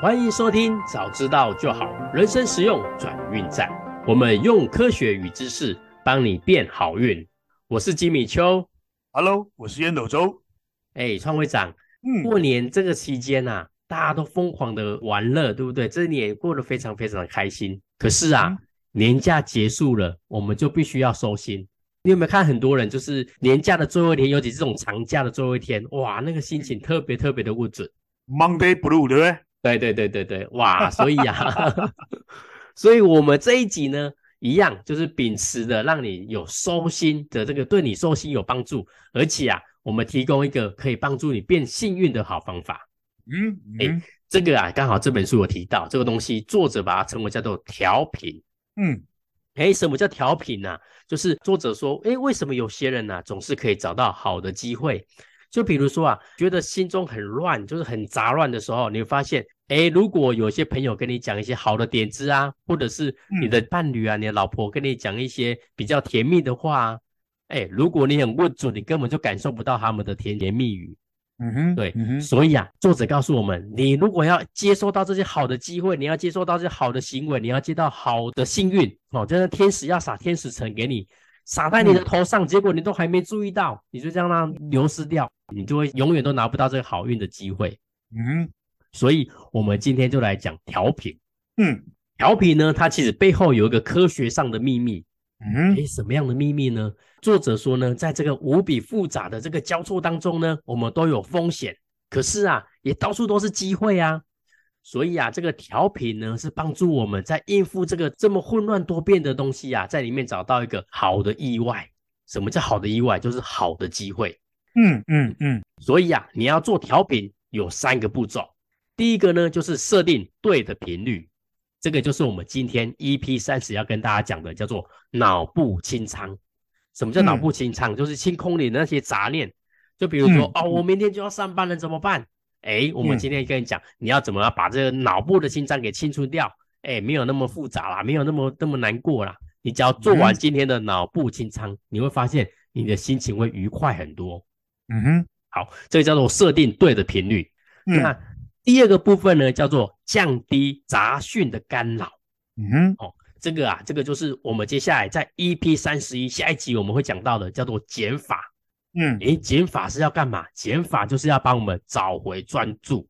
歡迎收聽《早知道就好》，人生實用轉運站。我們用科學與知識幫你變好運。我是吉米秋。h e l l o 我是煙斗周。哎，創會長，嗯，過年這個期間吶、啊，大家都瘋狂的玩樂，對不對？這一年過得非常非常的開心。可是啊，嗯、年假結束了，我們就必須要收心。你有沒有看很多人，就是年假的最後一天，尤其是這種長假的最後一天，哇，那個心情特別特別的物質，Monday Blue，對不對？對對對對對，哇！所以啊， 所以我們這一集呢，一樣就是秉持著，讓你有收心的這個，對你收心有幫助。而且啊，我們提供一個可以幫助你變幸運的好方法。嗯嗯、欸，這個啊，剛好這本書有提到這個東西，作者把它稱為叫做調頻。嗯，誒、欸、什麼叫調頻呢？就是作者說，誒、欸、為什麼有些人啊，總是可以找到好的機會？就比如說啊，覺得心中很亂，就是很雜亂的時候，你會發現，哎，如果有些朋友跟你講一些好的點子啊，或者是你的伴侶啊、你的老婆跟你講一些比較甜蜜的話，哎，如果你很固執，你根本就感受不到他們的甜言蜜語。嗯哼，對，嗯哼。所以啊，作者告訴我們，你如果要接收到這些好的機會，你要接收到這些好的行為，你要接到好的幸運，哦，就像天使要撒天使塵給你。撒在你的頭上，結果你都還沒注意到，你就這樣讓它流失掉，你就會永遠都拿不到這個好運的機會。嗯、mm，hmm. 所以我們今天就來講調頻。嗯、mm，hmm. 調頻呢，它其實背後有一個科學上的秘密。嗯、mm hmm.，誒，什麼樣的秘密呢？作者說呢，在這個無比複雜的這個交錯當中呢，我們都有風險，可是啊，也到處都是機會啊。所以啊，這個調頻呢，是幫助我們在應付這個這麼混亂多變的東西啊，在裡面找到一個好的意外。什麼叫好的意外？就是好的機會。嗯嗯嗯。嗯嗯，所以啊，你要做調頻有三個步驟。第一個呢，就是設定對的頻率。這個就是我們今天 EP 三十要跟大家講的，叫做腦部清倉。什麼叫腦部清倉？嗯、就是清空你那些雜念。就比如說、嗯、哦，我明天就要上班了，怎麼辦？哎，我們今天跟你講，嗯、你要怎麼把這個腦部的清倉給清除掉？哎，沒有那麼複雜啦，沒有那麼那麼難過啦，你只要做完今天的腦部清倉，嗯、你會發現你的心情會愉快很多。嗯哼，好，這個叫做設定對的頻率。嗯、那第二個部分呢，叫做降低雜訊的干擾。嗯哼，哦，這個啊，這個就是我們接下來在 EP 三十一、下一集我們會講到的，叫做減法。嗯，誒，減法是要幹嘛？減法就是要幫我們找回專注，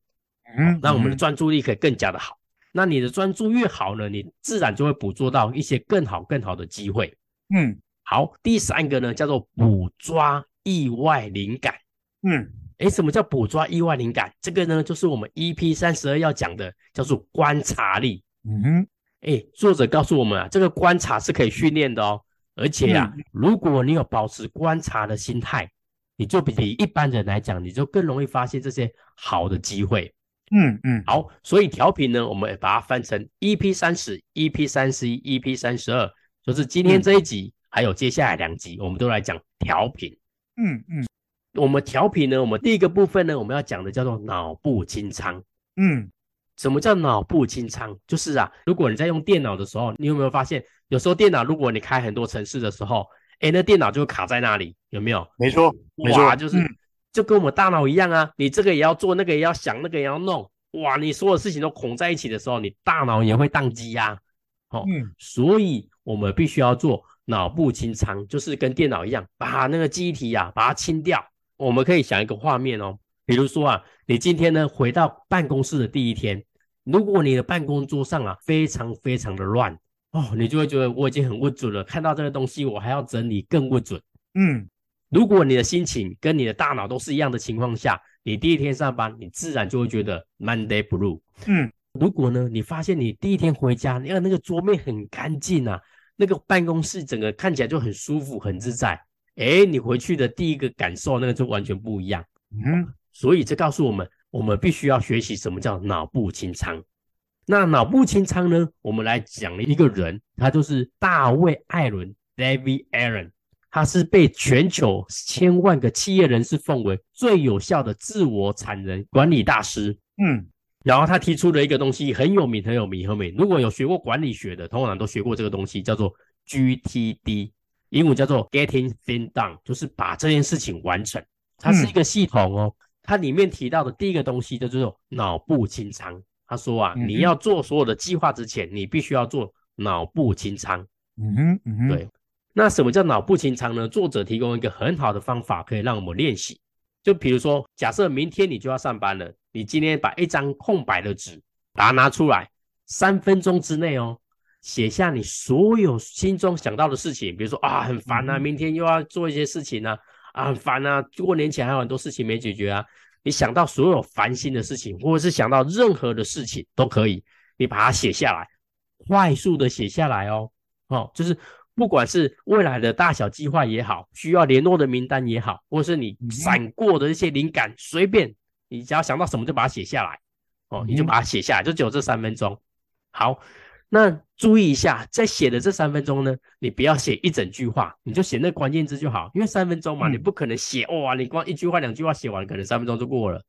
嗯，那、嗯、我們的專注力可以更加的好。那你的專注越好呢，你自然就會捕捉到一些更好、更好的機會。嗯，好，第三個呢叫做捕捉意外靈感。嗯，誒，什麼叫捕捉意外靈感？這個呢就是我們 EP 三十二要講的，叫做觀察力。嗯哼，欸，作者告訴我們啊，這個觀察是可以訓練的哦，而且啊，嗯、如果你有保持觀察的心態。你就比一般人來講，你就更容易發現這些好的機會。嗯嗯，嗯，好，所以調頻呢，我們也把它分成 EP 三十、EP 三十一、EP 三十二，就是今天這一集，嗯、還有接下來兩集，我們都來講調頻。嗯嗯，嗯，我們調頻呢，我們第一個部分呢，我們要講的叫做腦部清倉。嗯，什麼叫腦部清倉？就是啊，如果你在用電腦的時候，你有沒有發現，有時候電腦如果你開很多程式的時候。哎，那電腦就卡在那裡，有沒有？沒錯，沒錯，就是、嗯、就跟我們大腦一樣啊，你這個也要做，那個也要想，那個也要弄，哇，你所有的事情都捆在一起的時候，你大腦也會宕機呀、啊。好、哦，嗯，所以我們必須要做腦部清倉，就是跟電腦一樣，把那個記憶體呀、啊，把它清掉。我們可以想一個畫面哦，比如說啊，你今天呢回到辦公室的第一天，如果你的辦公桌上啊非常非常的亂。哦，你就會覺得我已經很不准了。看到這個東西，我還要整理更不准。嗯，如果你的心情跟你的大腦都是一樣的情況下，你第一天上班，你自然就會覺得 Monday Blue。嗯，如果呢，你發現你第一天回家，因為那個桌面很乾淨啊，那個辦公室整個看起來就很舒服、很自在。誒、欸、你回去的第一個感受，那個就完全不一樣。嗯，所以這告訴我們，我們必須要學習什麼叫腦部清倉。那腦部清倉呢？我們來講一個人，他就是大衛·艾倫 （David a a r o n，他是被全球千萬個企業人士奉為最有效的自我產能管理大師。嗯，然後他提出了一個東西，很有名、很有名、很有名。如果有學過管理學的，通常都學過這個東西，叫做 GTD，英文叫做 “Getting Things Done”，就是把這件事情完成。它是一個系統哦，嗯、它裡面提到的第一個東西就叫做腦部清倉。他說啊，嗯哼，你要做所有的計劃之前，你必須要做腦部清倉。嗯哼，嗯哼，對。那什麼叫腦部清倉呢？作者提供一個很好的方法，可以讓我們練習。就比如說，假設明天你就要上班了，你今天把一張空白的紙把它拿出來，三分鐘之內哦，寫下你所有心中想到的事情。比如說啊，很煩啊，明天又要做一些事情呢、啊，嗯哼，啊，很煩啊，過年前還有很多事情沒解決啊。你想到所有煩心的事情，或者是想到任何的事情都可以，你把它寫下來，快速的寫下來哦，哦，就是不管是未來的大小計劃也好，需要聯絡的名單也好，或者是你閃過的一些靈感，嗯、隨便你只要想到什麼就把它寫下來，哦，你就把它寫下來，就只有這三分鐘，好。那注意一下，在寫的這三分鐘呢，你不要寫一整句話，你就寫那關鍵字就好，因為三分鐘嘛，你不可能寫哇、哦啊，你光一句話、兩句話寫完，可能三分鐘就過了，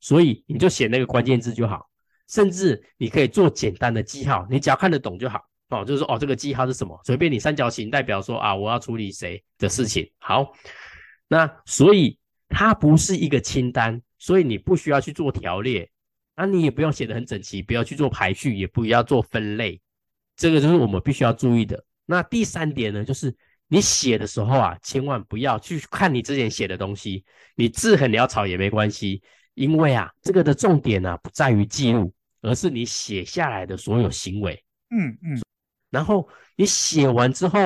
所以你就寫那個關鍵字就好，甚至你可以做簡單的記號，你只要看得懂就好，哦，就是說哦，這個記號是什麼？隨便你三角形代表說啊，我要處理誰的事情。好，那所以它不是一個清單，所以你不需要去做條列。那、啊、你也不用寫得很整齊，不要去做排序，也不要做分類，這個就是我們必須要注意的。那第三點呢，就是你寫的時候啊，千萬不要去看你之前寫的東西，你字很潦草也沒關係，因為啊，這個的重點呢、啊、不在於記錄，而是你寫下來的所有行為。嗯嗯。嗯然後你寫完之後，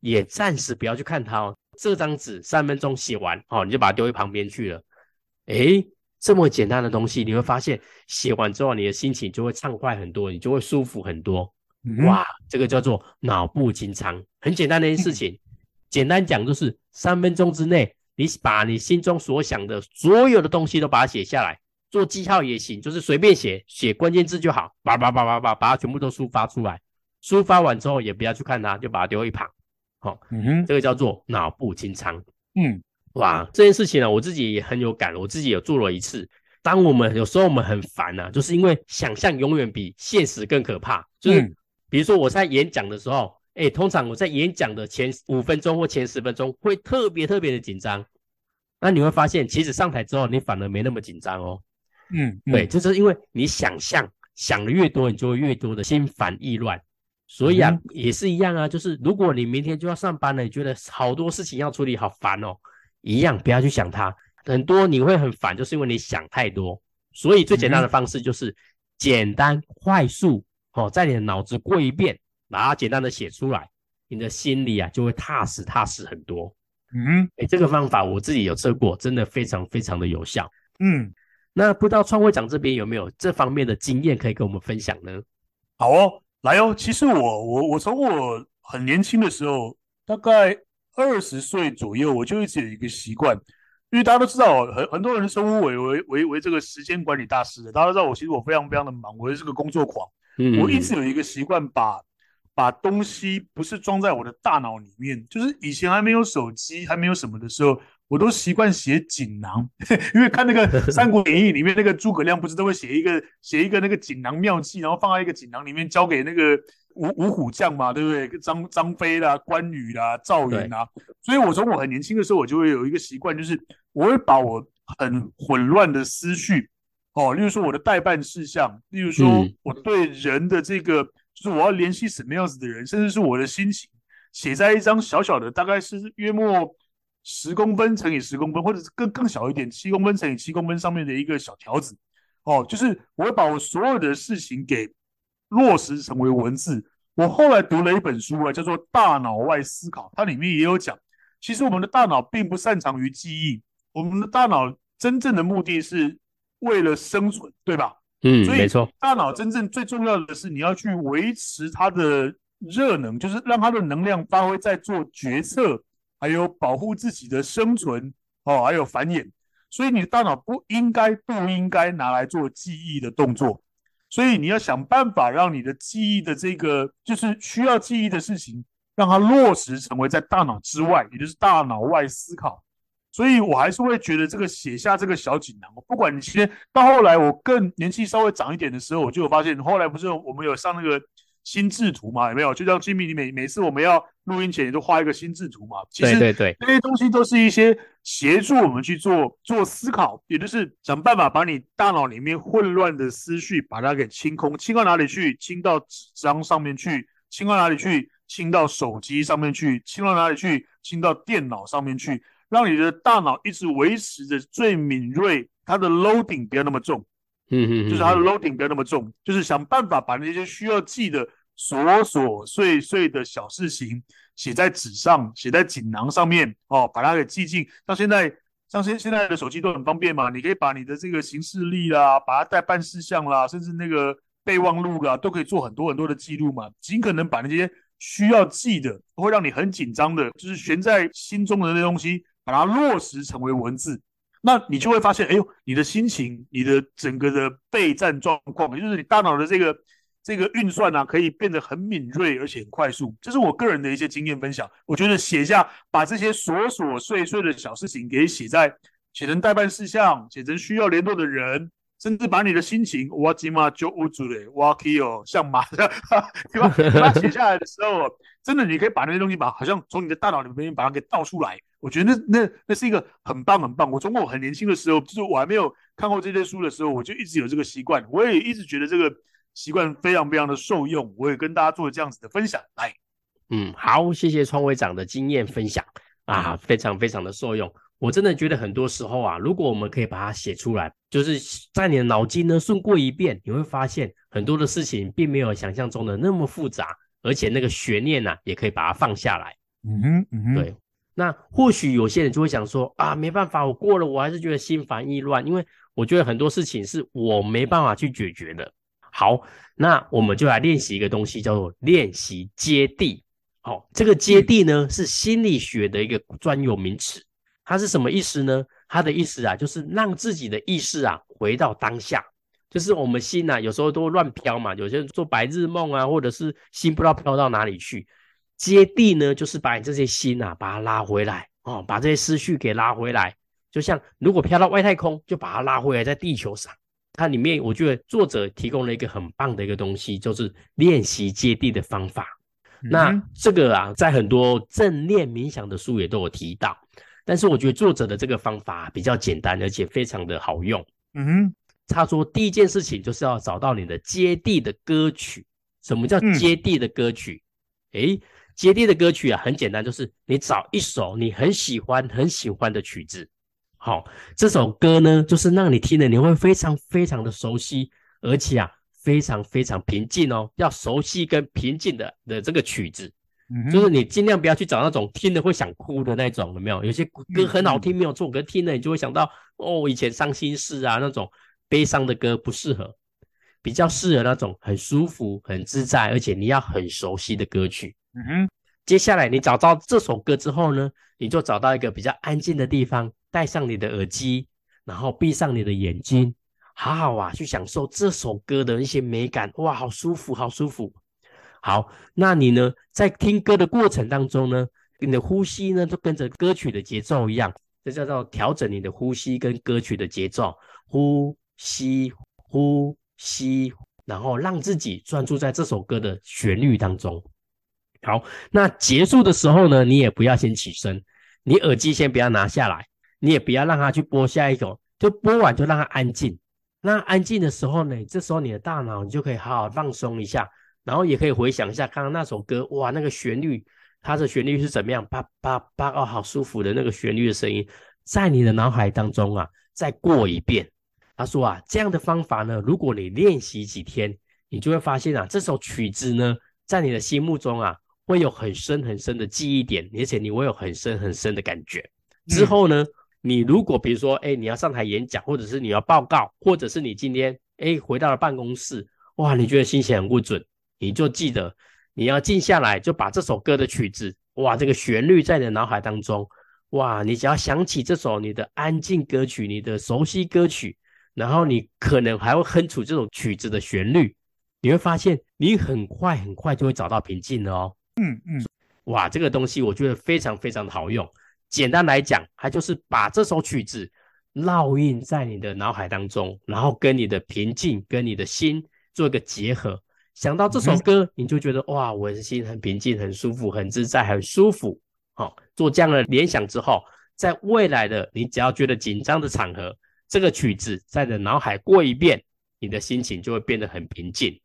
也暫時不要去看它哦，這張紙三分鐘寫完哦，你就把它丟一旁邊去了。欸這麼簡單的東西，你會發現寫完之後，你的心情就會暢快很多，你就會舒服很多。哇，這個叫做腦部清倉，很簡單的一件事情。簡單講就是三分鐘之內，你把你心中所想的所有的東西都把它寫下來，做記號也行，就是隨便寫，寫，寫關鍵字就好。叭叭叭叭叭，把它全部都抒發出來。抒發完之後，也不要去看它，就把它丟一旁。好，嗯哼，這個叫做腦部清倉。嗯。哇，這件事情呢、啊，我自己也很有感，我自己有做了一次。當我們有時候我們很煩呢、啊，就是因為想象永遠比現實更可怕。就是、嗯、比如說我在演講的時候，哎、欸，通常我在演講的前五分鐘或前十分鐘會特別特別的緊張。那你會發現，其實上台之後，你反而沒那麼緊張哦。嗯，嗯對，就，就是因為你想象想的越多，你就會越多的心煩意亂。所以啊，嗯、也是一樣啊，就是如果你明天就要上班了，你覺得好多事情要處理，好煩哦。一樣，不要去想它，很多你會很煩，就是因為你想太多。所以最簡單的方式就是簡單快速、嗯、哦，在你的腦子過一遍，把它簡單的寫出來，你的心裡啊就會踏實踏實很多。嗯，哎，這個方法我自己有測過，真的非常非常的有效。嗯，那不知道創會長這邊有沒有這方面的經驗可以跟我們分享呢？好哦，來哦，其實我我我從我很年輕的時候，大概。二十歲左右，我就一直有一個習慣，因為大家都知道，很很多人稱呼我為為為這個時間管理大師的。大家都知道我，其實我非常非常的忙，我是個工作狂。嗯，我一直有一個習慣，把把東西不是裝在我的大腦裡面，就是以前還沒有手機，還沒有什麼的時候，我都習慣寫錦囊， 因為看那個《三國演義》裡面那個諸葛亮，不是都會寫一個寫 一個那個錦囊妙計，然後放在一個錦囊裡面交給那個。五五虎將嘛，對不對？張張飛啦，關羽啦，趙雲啦。對所以，我從我很年輕的時候，我就會有一個習慣，就是我會把我很混亂的思緒，哦，例如說我的待辦事項，例如說我對人的這個，嗯、就是我要聯繫什麼樣子的人，甚至是我的心情，寫在一張小小的，大概是約莫十公分乘以十公分，或者是更更小一點，七公分乘以七公分上面的一個小條子。哦，就是我會把我所有的事情給。落實成為文字。我後來讀了一本書啊，叫做《大腦外思考》，它裡面也有講，其實我們的大腦並不擅長於記憶，我們的大腦真正的目的是為了生存，對吧？嗯，所以沒錯，大腦真正最重要的是你要去維持它的熱能，就是讓它的能量發揮在做決策，還有保護自己的生存哦，還有繁衍。所以你的大腦不應該不應該拿來做記憶的動作。所以你要想辦法讓你的記憶的這個，就是需要記憶的事情，讓它落實成為在大腦之外，也就是大腦外思考。所以我還是會覺得這個寫下這個小錦囊，我不管你先到後來，我更年紀稍微長一點的時候，我就有發現，後來不是我們有上那個。心智圖嘛，有沒有？就像 Jimmy，你每每次我們要錄音前，你都畫一個心智圖嘛。其實，對對對，這些東西都是一些協助我們去做做思考，也就是想辦法把你大腦裡面混亂的思緒，把它給清空。清到哪裡去？清到紙張上面去。清到哪裡去？清到手機上面去。清到哪裡去？清到電腦上，上面去。讓你的大腦一直維持着最敏銳，它的 loading 不要那麼重。嗯嗯 就是它的 loading 不要那麼重，就是想辦法把那些需要記的瑣瑣碎碎的小事情寫在紙上，寫在錦囊上面哦，把它給記進。到現在，像現現在的手機都很方便嘛，你可以把你的這個行事曆啦，把它待辦事項啦，甚至那個備忘錄啦，都可以做很多很多的記錄嘛。盡可能把那些需要記的，會讓你很緊張的，就是懸在心中的那東西，把它落實成為文字。那你就會發現，哎呦，你的心情、你的整個的備戰狀況，也就是你大腦的這個這個運算啊，可以變得很敏銳而且很快速。這是我個人的一些經驗分享。我覺得寫下把這些瑣瑣碎碎的小事情給寫在，寫成待辦事項，寫成需要聯絡的人。甚至把你的心情，哇，我起碼就無助的，哇，可以哦，像馬的，對吧？把它寫下來的時候， 真的，你可以把那些東西把，好像從你的大腦裡面把它給倒出來。我覺得那那那是一個很棒很棒。我從我很年輕的時候，就是我還沒有看過這些書的時候，我就一直有這個習慣，我也一直覺得這個習慣非常非常的受用。我也跟大家做這樣子的分享，來，嗯，好，謝謝創偉長的經驗分享啊，嗯、非常非常的受用。我真的覺得很多時候啊，如果我們可以把它寫出來，就是在你的腦筋呢，順過一遍，你會發現很多的事情並沒有想象中的那麼複雜，而且那個懸念呢、啊、也可以把它放下來。嗯嗯嗯，對。那或許有些人就會想說啊，沒辦法，我過了，我還是覺得心煩意亂，因為我覺得很多事情是我沒辦法去解決的。好，那我們就來練習一個東西，叫做練習接地。哦，這個接地呢、嗯、是心理學的一個專有名詞。它是什麼意思呢？它的意思啊，就是讓自己的意識啊回到當下，就是我們心吶啊，有時候都會亂飄嘛，有些人做白日夢啊，或者是心不知道飄到哪裡去。接地呢，就是把你這些心啊，把它拉回來哦，把這些思緒給拉回來。就像如果飄到外太空，就把它拉回來，在地球上。它裡面我覺得作者提供了一個很棒的一個東西，就是練習接地的方法。那這個啊，在很多正念冥想的書也都有提到。但是我覺得作者的這個方法、啊、比較簡單，而且非常的好用。嗯哼，他說第一件事情就是要找到你的接地的歌曲。什麼叫接地的歌曲？嗯、誒，接地的歌曲啊，很簡單，就是你找一首你很喜歡、很喜歡的曲子。好、哦，這首歌呢，就是讓你聽了你會非常、非常的熟悉，而且啊，非常非常平靜哦。要熟悉跟平靜的的這個曲子。就是你盡量不要去找那種聽了會想哭的那種，有沒有？有些歌很好聽，沒有錯，可聽了你就會想到哦，我以前傷心事啊，那種悲傷的歌不適合，比較適合那種很舒服、很自在，而且你要很熟悉的歌曲。嗯哼，接下來你找到這首歌之後呢，你就找到一個比較安靜的地方，戴上你的耳機，然後閉上你的眼睛，好好啊，去享受這首歌的一些美感。哇，好舒服，好舒服。好，那你呢？在聽歌的過程當中呢，你的呼吸呢，就跟着歌曲的節奏一樣，這叫做調整你的呼吸跟歌曲的節奏，呼吸，呼吸，然後讓自己專注在這首歌的旋律當中。好，那結束的時候呢，你也不要先起身，你耳機先不要拿下來，你也不要讓它去播下一首，就播完就讓它安靜。那安靜的時候呢，這時候你的大腦你就可以好好放鬆一下。然後也可以回想一下剛剛那首歌，哇，那個旋律，它的旋律是怎麼樣？叭叭叭，哦，好舒服的那個旋律的聲音，在你的腦海當中啊，再過一遍。他說啊，這樣的方法呢，如果你練習幾天，你就會發現啊，這首曲子呢，在你的心目中啊，會有很深很深的記憶點，而且你會有很深很深的感覺。之後呢，嗯、你如果比如說，哎、欸，你要上台演講，或者是你要報告，或者是你今天，哎、欸，回到了辦公室，哇，你覺得心情很不準。你就記得，你要靜下來，就把這首歌的曲子，哇，這個旋律在你的腦海當中，哇，你只要想起這首你的安靜歌曲，你的熟悉歌曲，然後你可能還會哼出這種曲子的旋律，你會發現你很快很快就會找到平靜了哦。嗯嗯，嗯哇，這個東西我覺得非常非常的好用。簡單來講，它就是把這首曲子烙印在你的腦海當中，然後跟你的平靜，跟你的心做一個結合。想到這首歌，mm hmm. 你就覺得哇，我的心很平靜，很舒服，很自在，很舒服。好、哦，做這樣的聯想之後，在未來的你只要覺得緊張的場合，這個曲子在你的腦海過一遍，你的心情就會變得很平靜。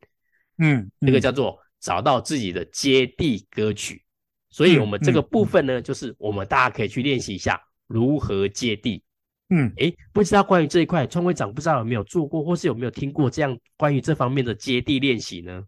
嗯、mm，那、hmm. 個叫做找到自己的接地歌曲。所以，我們這個部分呢，mm hmm. 就是我們大家可以去練習一下如何接地。嗯，哎，不知道關於這一塊，創會長不知道有沒有做過，或是有沒有聽過這樣關於這方面的接地練習呢？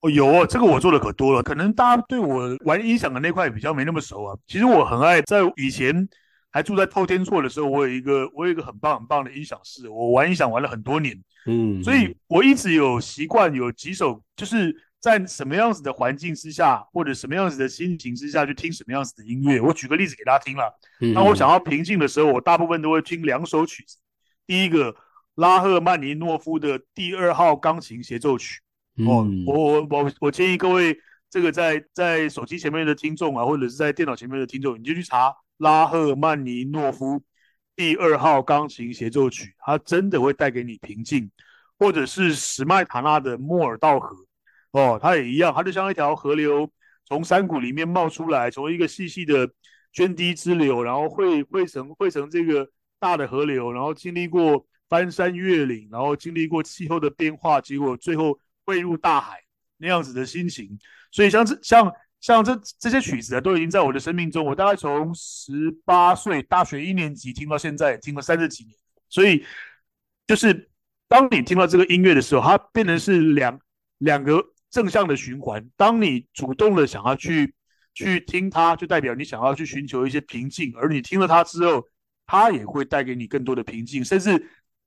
哦，有哦，這個我做的可多了，可能大家對我玩音響的那塊比較沒那麼熟啊。其實我很愛，在以前還住在透天厝的時候，我有一個我有一個很棒很棒的音響室，我玩音響玩了很多年，嗯，所以我一直有習慣有幾首就是。在什麼樣子的環境之下，或者什麼樣子的心情之下去聽什麼樣子的音樂？我舉個例子給大家聽了。當我想要平靜的時候，我大部分都會聽兩首曲子。第一個，拉赫曼尼諾夫的第二號鋼琴協奏曲。哦，嗯，我我我我建議各位，這個在在手機前面的聽眾啊，或者是在電腦前面的聽眾，你就去查拉赫曼尼諾夫第二號鋼琴協奏曲，它真的會帶給你平靜，或者是史邁塔納的莫爾道河。哦，它也一樣，它就像一條河流，從山谷裡面冒出來，從一個細細的涓滴之流，然後匯匯成匯成這個大的河流，然後經歷過翻山越嶺，然後經歷過氣候的變化，結果最後匯入大海那樣子的心情。所以像這像像這這些曲子啊，都已經在我的生命中，我大概從十八歲大學一年級聽到現在，也聽了三十幾年。所以就是當你聽到這個音樂的時候，它變成是兩兩個。正向的循環，當你主動的想要去去聽它，就代表你想要去尋求一些平靜。而你聽了它之後，它也會帶給你更多的平靜。甚至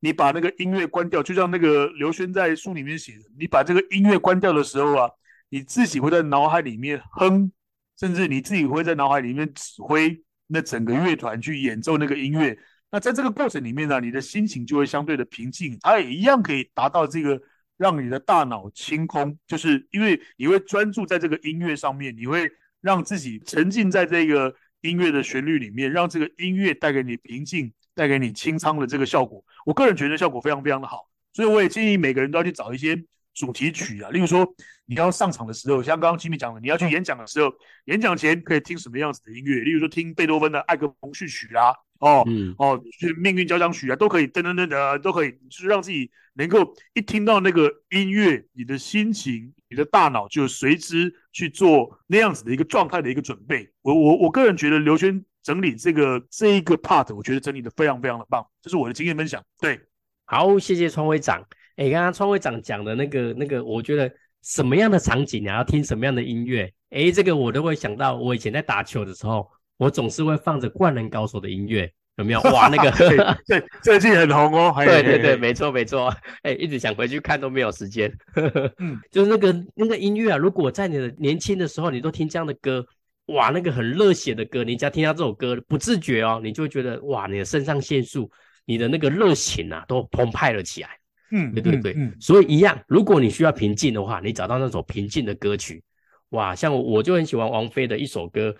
你把那個音樂關掉，就像那個劉軒在書裡面寫的，你把這個音樂關掉的時候啊，你自己會在腦海裡面哼，甚至你自己會在腦海裡面指揮那整個樂團去演奏那個音樂。那在這個過程裡面呢、啊，你的心情就會相對的平靜，它也一樣可以達到這個。讓你的大腦清空，就是因為你會專注在這個音樂上面，你會讓自己沉浸在這個音樂的旋律裡面，讓這個音樂帶給你平靜，帶給你清倉的這個效果。我個人覺得效果非常非常的好，所以我也建議每個人都要去找一些主題曲啊。例如說你要上場的時候，像剛剛吉米講的，你要去演講的時候，演講前可以聽什麼樣子的音樂？例如說聽貝多芬的《艾格蒙序曲》啊。哦，嗯、哦，是命運交響曲啊，都可以，噔噔噔噔，都可以。就是讓自己能夠一聽到那個音樂，你的心情、你的大腦就隨之去做那樣子的一個狀態的一個準備。我我我個人覺得劉軒整理這個這一個 part，我覺得整理得非常非常的棒。這，就是我的經驗分享。對，好，謝謝創會長。哎、欸，剛剛創會長講的那個那個，我覺得什麼樣的場景要、啊、聽什麼樣的音樂？哎、欸，這個我都會想到，我以前在打球的時候。我總是會放着《灌籃高手》的音樂，有沒有？哇，那個 對，對，最近很紅哦。 對對對，沒錯沒錯。哎、欸，一直想回去看都沒有時間。 嗯、就是那個那個音樂啊，如果在你的年輕的時候，你都聽這樣的歌，哇，那個很熱血的歌，你只要聽到這首歌，不自覺哦，你就會覺得哇，你的腎上腺素，你的那個熱情啊，都澎湃了起來。嗯，對對對。嗯嗯、所以一樣，如果你需要平靜的話，你找到那首平靜的歌曲，哇，像我就很喜歡王菲的一首歌。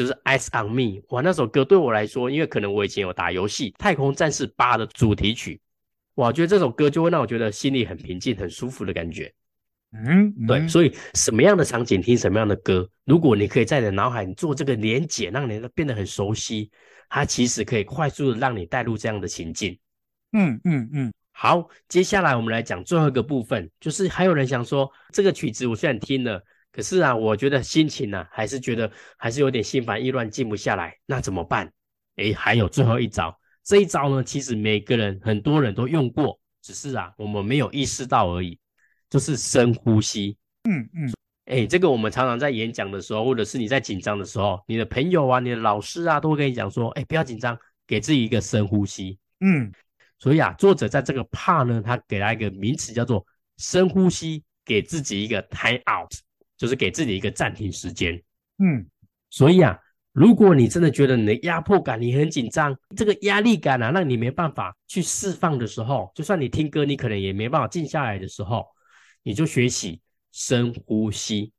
就是 Eyes on Me，哇，那首歌對我來說，因為可能我以前有打遊戲，《太空戰士八》的主題曲，我覺得這首歌就會讓我覺得心裡很平靜、很舒服的感覺。嗯，嗯對，所以什麼樣的場景聽什麼樣的歌，如果你可以在你的腦海你做這個連接，讓你變得很熟悉，它其實可以快速的讓你帶入這樣的情境。嗯嗯嗯，嗯嗯，好，接下來我們來講最後一個部分，就是還有人想說，這個曲子我現在聽了。可是啊，我覺得心情呢、啊，還是覺得還是有點心煩意亂，靜不下來。那怎麼辦？哎、欸，還有最後一招。這一招呢，其實每個人很多人都用過，只是啊，我們沒有意識到而已。就是深呼吸。嗯嗯。哎、嗯欸，這個我們常常在演講的時候，或者是你在緊張的時候，你的朋友啊、你的老師啊，都會跟你講說：哎、欸，不要緊張，給自己一個深呼吸。嗯。所以啊，作者在這個 part 呢，他給了一個名詞叫做深呼吸，給自己一個 time out。就是給自己一個暫停時間，嗯，所以啊，如果你真的覺得你的壓迫感，你很緊張，這個壓力感啊，讓你沒辦法去釋放的時候，就算你聽歌，你可能也沒辦法靜下來的時候，你就學習深呼吸。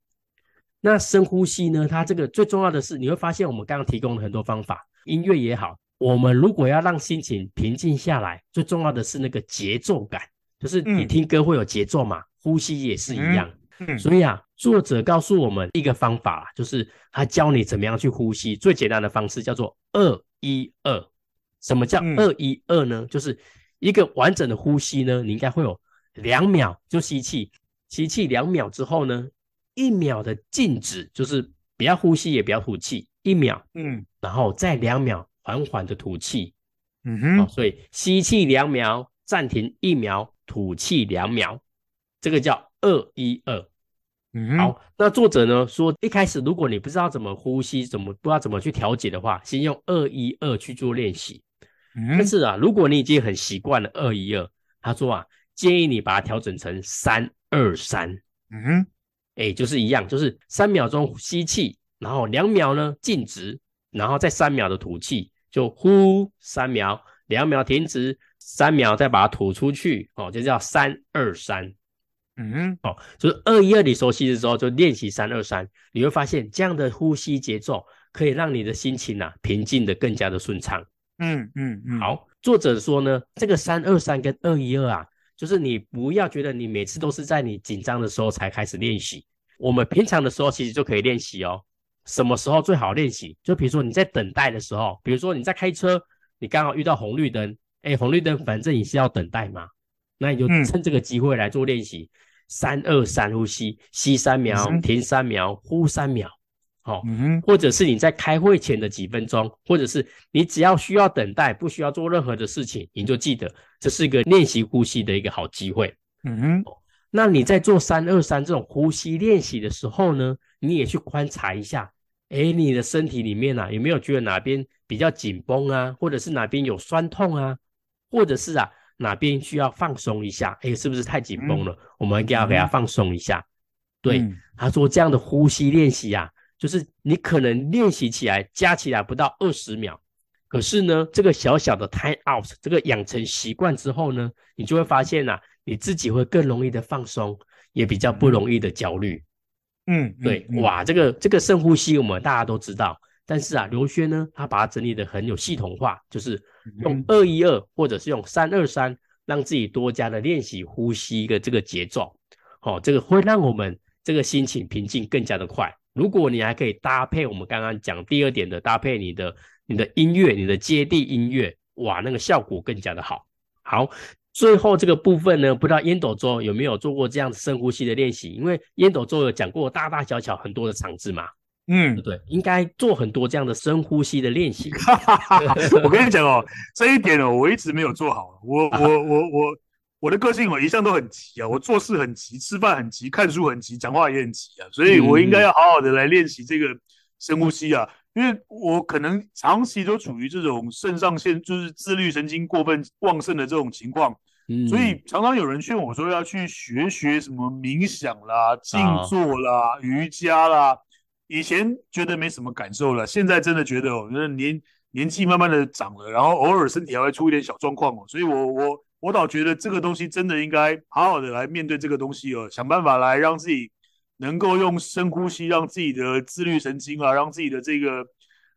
那深呼吸呢，它這個最重要的是，你會發現我們剛剛提供了很多方法，音樂也好，我們如果要讓心情平靜下來，最重要的是那個節奏感，就是你聽歌會有節奏嘛，嗯，呼吸也是一樣。嗯。所以啊，作者告訴我們一個方法啊，就是他教你怎麼樣去呼吸。最簡單的方式叫做二一二。什麼叫二一二呢？嗯，就是一個完整的呼吸呢，你應該會有兩秒就吸氣，吸氣兩秒之後呢，一秒的靜止，就是不要呼吸也不要吐氣，一秒。嗯，然後再兩秒緩緩的吐氣。嗯哼。哦，所以吸氣兩秒，暫停一秒，吐氣兩秒，這個叫二一二。嗯，好，那作者呢說，一開始如果你不知道怎麼呼吸，怎麼不知道怎麼去調節的話，先用二一二去做練習。嗯哼，但是啊，如果你已經很習慣了二一二，他說啊，建議你把它調整成三二三。嗯哼，哎、欸，就是一樣，就是三秒鐘吸氣，然後兩秒呢靜止，然後再三秒的吐氣，就呼三秒，兩秒停止，三秒再把它吐出去，哦，就叫三二三。嗯，好、哦，就是二一二你熟悉的時候，就練習三二三，你會發現這樣的呼吸節奏可以讓你的心情吶、啊、平靜的更加的順暢。嗯嗯嗯，嗯嗯，好，作者說呢，這個三二三跟二一二啊，就是你不要覺得你每次都是在你緊張的時候才開始練習，我們平常的時候其實就可以練習哦。什麼時候最好練習？就比如說你在等待的時候，比如說你在開車，你剛好遇到紅綠燈，哎，紅綠燈反正你是要等待嘛，那你就趁這個機會來做練習。嗯三二三呼吸，吸三秒，停三秒，呼三秒，好，哦，嗯哼，或者是你在開會前的幾分鐘，或者是你只要需要等待，不需要做任何的事情，你就記得這是一個練習呼吸的一個好機會。嗯哼，哦，那你在做三二三這種呼吸練習的時候呢，你也去觀察一下，誒，你的身體裡面啊，有沒有覺得哪邊比較緊繃啊，或者是哪邊有酸痛啊，或者是啊？哪邊需要放鬆一下？哎、欸，是不是太緊繃了？嗯、我們一定要給他放鬆一下。對，嗯、他說這樣的呼吸練習呀，就是你可能練習起來加起來不到二十秒，可是呢，這個小小的 time out，這個養成習慣之後呢，你就會發現啊，你自己會更容易的放鬆，也比較不容易的焦慮、嗯。嗯，對，哇，這個這個深呼吸，我們大家都知道，但是啊，劉軒呢，他把它整理的很有系統化，就是。用二一二或者是用三二三，讓自己多加的練習呼吸的這個節奏，好、哦，這個會讓我們這個心情平靜更加的快。如果你還可以搭配我們剛剛講第二點的搭配，你的你的音樂，你的接地音樂，哇，那個效果更加的好。好，最後這個部分呢，不知道煙斗周有沒有做過這樣深呼吸的練習？因為煙斗周有講過大大小小很多的場子嘛。嗯，對，應該做很多這樣的深呼吸的練習。 我跟你講哦， 這一點哦，我一直沒有做好。我我我我我的個性，我一向都很急啊，我做事很急，吃飯很急，看書很急，講話也很急啊。所以我應該要好好的來練習這個深呼吸啊，嗯、因為我可能長期都處於這種腎上腺，就是自律神經過分旺盛的這種情況。嗯、所以常常有人勸我說要去學學什麼冥想啦、靜坐啦、啊、瑜伽啦。以前覺得沒什麼感受了，現在真的覺得哦，那年年紀慢慢的長了，然後偶爾身體還會出一點小狀況哦，所以我我我倒覺得這個東西真的應該好好的來面對這個東西哦，想辦法來讓自己能夠用深呼吸，讓自己的自律神經啊，讓自己的這個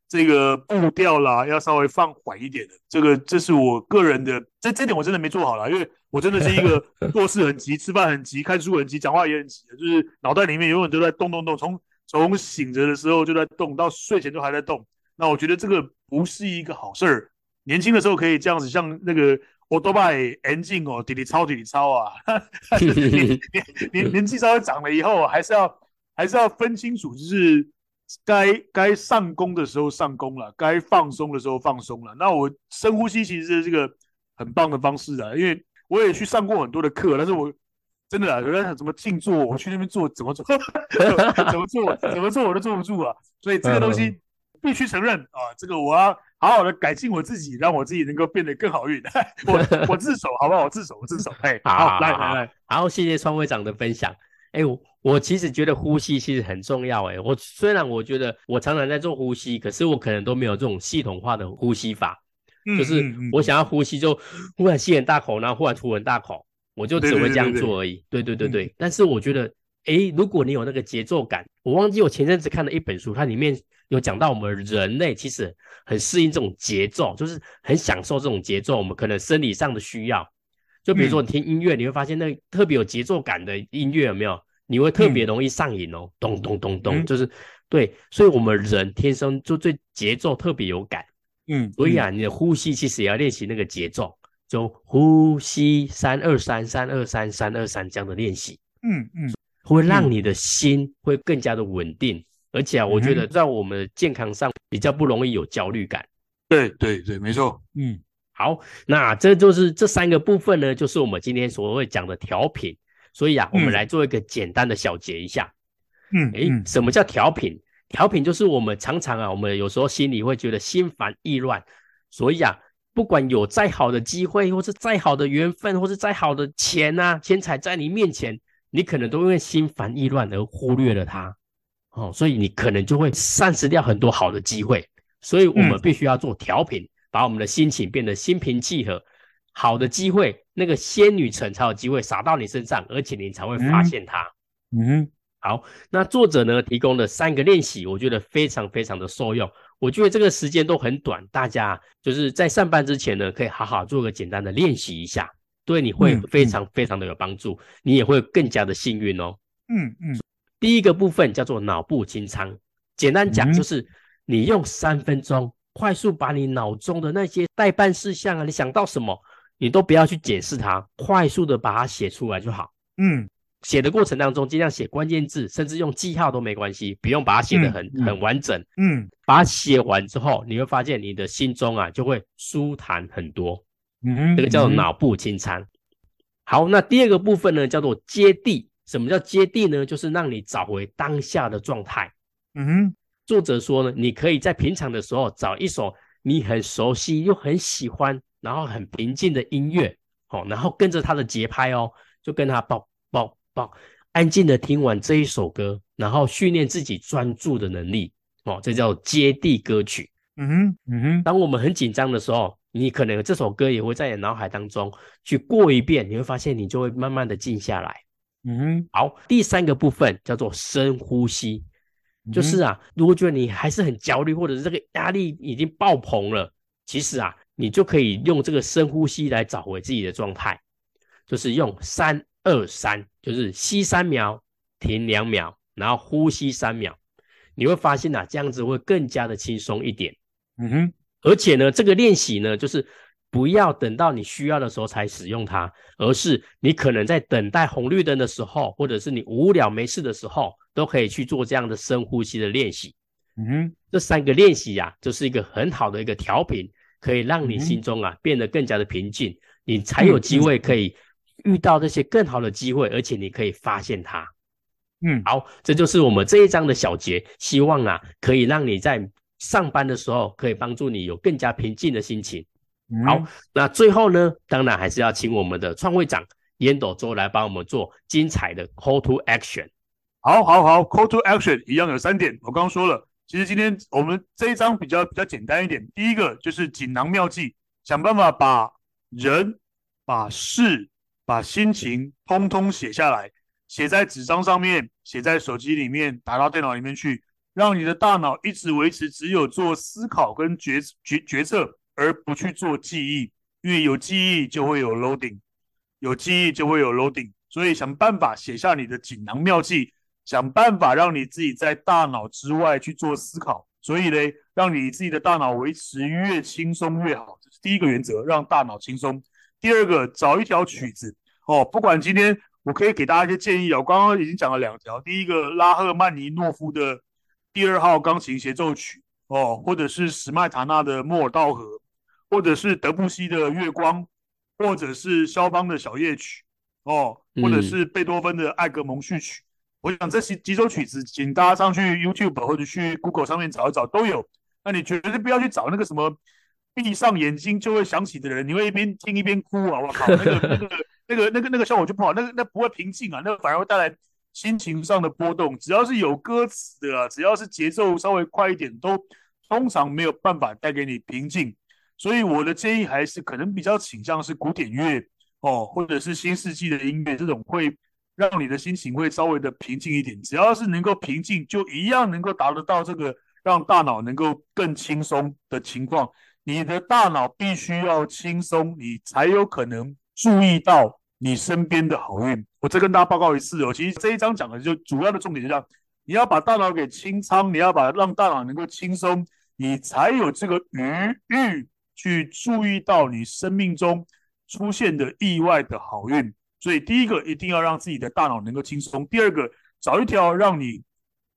這個步調啦，要稍微放緩一點的。這個這是我個人的，這這點我真的沒做好啦，因為我真的是一個做事很急，吃飯很急，看書很急，講話也很急，就是腦袋裡面永遠都在動動動，從從醒着的時候就在動，到睡前都還在動。那我覺得這個不是一個好事兒。年輕的時候可以這樣子，像那個歐多拜安靜哦，體力超，體力超啊。 年 年年紀稍微長了以後啊，還是要還是要分清楚，就是該該上工的時候上工了，該放鬆的時候放鬆了。那我深呼吸，其實是這個很棒的方式啊，因為我也去上過很多的課，但是我。真的、啊，有人想怎麼靜坐？我去那邊坐怎麼坐？呵呵，怎麼坐？怎麼坐？怎麼坐？我都坐不住了、啊。所以這個東西必須承認、嗯、啊，這個我要好好的改進我自己，讓我自己能夠變得更好運。 我我自首， 好不好？我自首，我自首。哎，好，來來好來，好，謝謝川會長的分享。哎、欸，我其實覺得呼吸其實很重要、欸。哎，我雖然我覺得我常常在做呼吸，可是我可能都沒有這種系統化的呼吸法。就是我想要呼吸，就忽然吸很大口，然後忽然吐很大口。我就只會這樣做而已。對對對對，但是我覺得，誒如果你有那個節奏感，嗯、我忘記我前陣子看了一本書，它裡面有講到我們人類其實很適應這種節奏，就是很享受這種節奏。我們可能生理上的需要，就比如說你聽音樂，嗯、你會發現那特別有節奏感的音樂有沒有？你會特別容易上癮哦，嗯、咚咚咚咚，嗯、就是對。所以，我們人天生就對節奏特別有感。嗯，所以啊，你的呼吸其實也要練習那個節奏。就呼吸三二三三二三三二三這樣的練習，嗯嗯，嗯會讓你的心會更加的穩定，嗯、而且啊，嗯、我覺得在我們的健康上比較不容易有焦慮感。對對對，沒錯。嗯，好，那這就是這三個部分呢，就是我們今天所會講的調頻。所以啊，嗯、我們來做一個簡單的小結一下。嗯，嗯誒，什麼叫調頻？調頻就是我們常常啊，我們有時候心裡會覺得心煩意亂，所以啊。不管有再好的機會，或是再好的緣分，或是再好的錢吶、啊，錢財在你面前，你可能都因為心煩意亂而忽略了它，哦，所以你可能就會喪失掉很多好的機會。所以我們必須要做調頻，嗯、把我們的心情變得心平氣和，好的機會，那個仙女層才有機會灑到你身上，而且你才會發現它。嗯，嗯好，那作者呢提供了三個練習，我覺得非常非常的受用。我覺得這個時間都很短，大家就是在上班之前呢，可以好好做個簡單的練習一下，對你會非常非常的有幫助，嗯嗯、你也會更加的幸運哦。嗯嗯，第一個部分叫做腦部清倉，簡單講就是、嗯、你用三分鐘快速把你腦中的那些待辦事項啊，你想到什麼，你都不要去解釋它，快速的把它寫出來就好。嗯。寫的過程當中，盡量寫關鍵字，甚至用記號都沒關係，不用把它寫得很、嗯、很完整。嗯，嗯把它寫完之後，你會發現你的心中啊就會舒坦很多。嗯哼，這個叫做腦部清倉。嗯、哼好，那第二個部分呢，叫做接地。什麼叫接地呢？就是讓你找回當下的狀態。嗯哼，作者說呢，你可以在平常的時候找一首你很熟悉又很喜歡，然後很平靜的音樂，哦，然後跟着他的節拍哦，就跟他抱。好，哦，安靜的聽完這一首歌，然後訓練自己專注的能力。哦，這叫接地歌曲。嗯哼，嗯哼。當我們很緊張的時候，你可能這首歌也會在你腦海當中去過一遍，你會發現你就會慢慢的靜下來。嗯哼。好，第三個部分叫做深呼吸。嗯哼。就是啊，如果覺得你還是很焦慮，或者是這個壓力已經爆棚了，其實啊，你就可以用這個深呼吸來找回自己的狀態。就是用三。二三就是吸三秒，停兩秒，然後呼吸三秒，你會發現啊，這樣子會更加的輕鬆一點。嗯哼，而且呢，這個練習呢，就是不要等到你需要的時候才使用它，而是你可能在等待紅綠燈的時候，或者是你無聊沒事的時候，都可以去做這樣的深呼吸的練習。嗯哼，這三個練習呀、啊，就是一個很好的一個調頻，可以讓你心中啊、嗯、哼，變得更加的平靜，你才有機會可以。遇到這些更好的機會，而且你可以發現它。嗯，好，這就是我們這一章的小結，希望啊可以讓你在上班的時候可以幫助你有更加平靜的心情。嗯，好，那最後呢，當然還是要請我們的創會長煙斗周來幫我們做精彩的 Call to Action。好，好，好，好，好，Call to Action 一樣有三點，我剛剛說了，其實今天我們這一章比較比較簡單一點。第一個就是錦囊妙計，想辦法把人把事。把心情通通寫下來，寫在紙張上面，寫在手機裡面，打到電腦裡面去，讓你的大腦一直維持只有做思考跟決決決策，而不去做記憶。因為有記憶就會有 loading，有記憶就會有 loading，所以想辦法寫下你的錦囊妙計，想辦法讓你自己在大腦之外去做思考。所以呢，讓你自己的大腦維持越輕鬆越好，這是第一個原則，讓大腦輕鬆。第二個，找一條曲子哦，不管今天我可以給大家一些建議哦。我剛剛已經講了兩條，第一個拉赫曼尼諾夫的第二號鋼琴協奏曲哦，或者是史麥塔納的莫爾道河，或者是德布西的月光，或者是肖邦的小夜曲哦，或者是貝多芬的艾格蒙序曲。嗯。我想這些幾首曲子，請大家上去 YouTube 或者去 Google 上面找一找，都有。那你絕對不要去找那個什麼，閉上眼睛就會想起的人，你會一邊聽一邊哭啊！我靠，那個、那個、那個、那個、那個效果就不好，那個那不會平靜啊，那個反而會帶來心情上的波動。只要是有歌詞的啊，只要是節奏稍微快一點，都通常沒有辦法帶給你平靜。所以我的建議還是可能比較傾向是古典樂哦，或者是新世紀的音樂，這種會讓你的心情會稍微的平靜一點。只要是能夠平靜，就一樣能夠達得到這個讓大腦能夠更輕鬆的情況。你的大腦必須要輕鬆，你才有可能注意到你身邊的好運。我再跟大家報告一次哦，其實這一章講的就主要的重點就是這樣，你要把大腦給清倉，你要把讓大腦能夠輕鬆，你才有這個餘裕去注意到你生命中出現的意外的好運。所以第一個，一定要讓自己的大腦能夠輕鬆；第二個，找一條讓你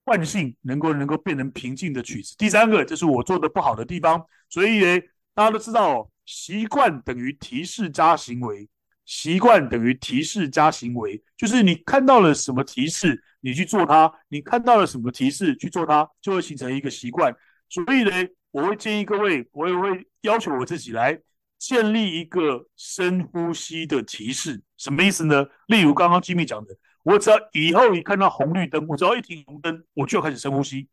慣性能夠能夠變成平靜的曲子。第三個就是我做的不好的地方，所以呢，大家都知道，習慣等於提示加行為，習慣等於提示加行為，就是你看到了什麼提示，你去做它；你看到了什麼提示去做它，就會形成一個習慣。所以呢，我會建議各位，我也會要求我自己來建立一個深呼吸的提示，什麼意思呢？例如剛剛吉米講的。我只要以後一看到紅綠燈，我只要一停紅燈，我就要開始深呼吸，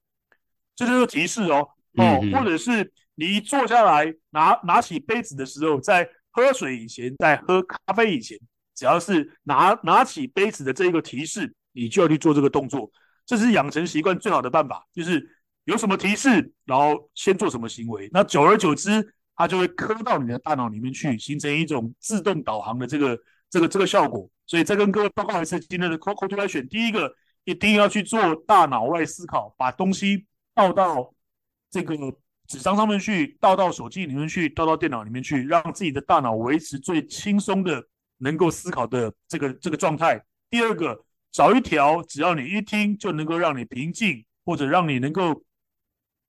這就是個提示哦哦。或者是你一坐下來拿拿起杯子的時候，在喝水以前，在喝咖啡以前，只要是拿拿起杯子的這個提示，你就要去做這個動作，這是養成習慣最好的辦法，就是有什麼提示，然後先做什麼行為，那久而久之，它就會刻到你的大腦裡面去，形成一種自動導航的這個。這個這個效果，所以再跟各位報告一次今天的 COCO 提醒：第一個，一定要去做大腦外思考，把東西倒到這個紙張上上面去，倒到手機裡面去，倒到電腦裡面去，讓自己的大腦維持最輕鬆的能夠思考的這個這個狀態。第二個，找一條只要你一聽就能夠讓你平靜，或者讓你能夠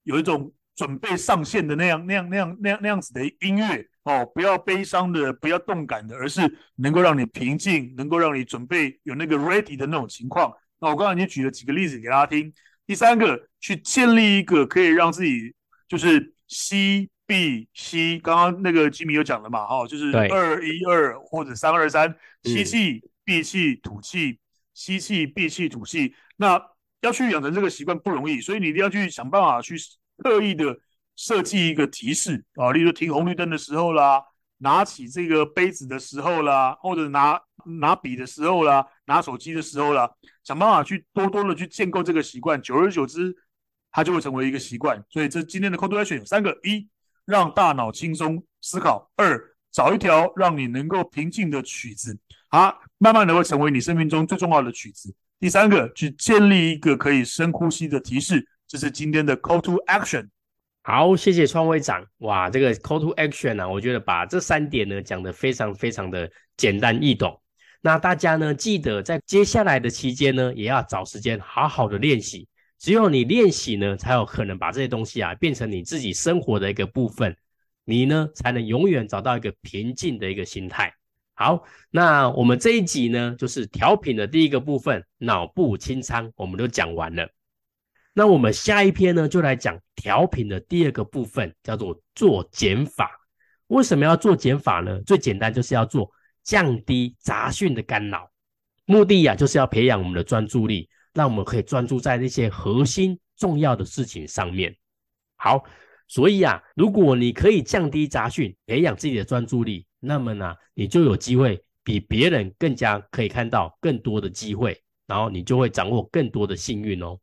有一種準備上線的那樣那樣那樣那樣那樣子的音樂。哦，不要悲傷的，不要動感的，而是能夠讓你平靜，能夠讓你準備有那個 ready 的那種情況。那、哦、我剛才已經舉了幾個例子給大家聽。第三個，去建立一個可以讓自己就是吸、閉、吸。剛剛那個吉米有又講了嘛，哈、哦，就是二一二或者三二三，吸氣、閉氣、吐氣，吸氣、閉氣、吐氣。嗯、那要去養成這個習慣不容易，所以你一定要去想辦法去刻意的。設計一個提示啊，例如停紅綠燈的時候啦，拿起這個杯子的時候啦，或者拿拿筆的時候啦，拿手機的時候啦，想辦法去多多的去建構這個習慣，久而久之，它就會成為一個習慣。所以，這今天的 call to action 有三個：一、讓大腦輕鬆思考；二、找一條讓你能夠平靜的曲子，啊，慢慢的會成為你生命中最重要的曲子；第三個，去建立一個可以深呼吸的提示，這是今天的 call to action。好，謝謝創偉長。哇，這個 call to action 啊，我覺得把這三點呢講得非常非常的簡單易懂。那大家呢記得在接下來的期間呢，也要找時間好好的練習。只有你練習呢，才有可能把這些東西啊變成你自己生活的一個部分，你呢才能永遠找到一個平靜的一個心態。好，那我們這一集呢，就是調頻的第一個部分——腦部清倉，我們都講完了。那我們下一篇呢，就來講調頻的第二個部分，叫做做減法。為什麼要做減法呢？最簡單就是要做降低雜訊的干擾，目的呀，就是要培養我們的專注力，讓我們可以專注在那些核心重要的事情上面。好，所以啊，如果你可以降低雜訊，培養自己的專注力，那麼呢，你就有機會比別人更加可以看到更多的機會，然後你就會掌握更多的幸運哦。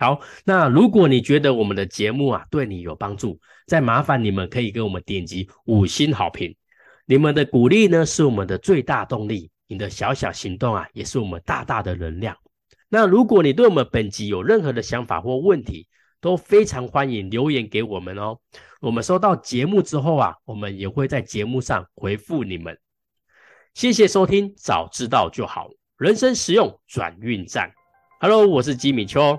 好，那如果你覺得我們的節目啊，對你有幫助，再麻煩你們可以給我們點擊五星好評。你們的鼓勵呢，是我們的最大動力，你的小小行動啊，也是我們大大的能量。那如果你對我們本集有任何的想法或問題，都非常歡迎留言給我們哦。我們收到節目之後啊，我們也會在節目上回復你們。謝謝收聽，早知道就好，人生實用轉運站。Hello，我是吉米邱。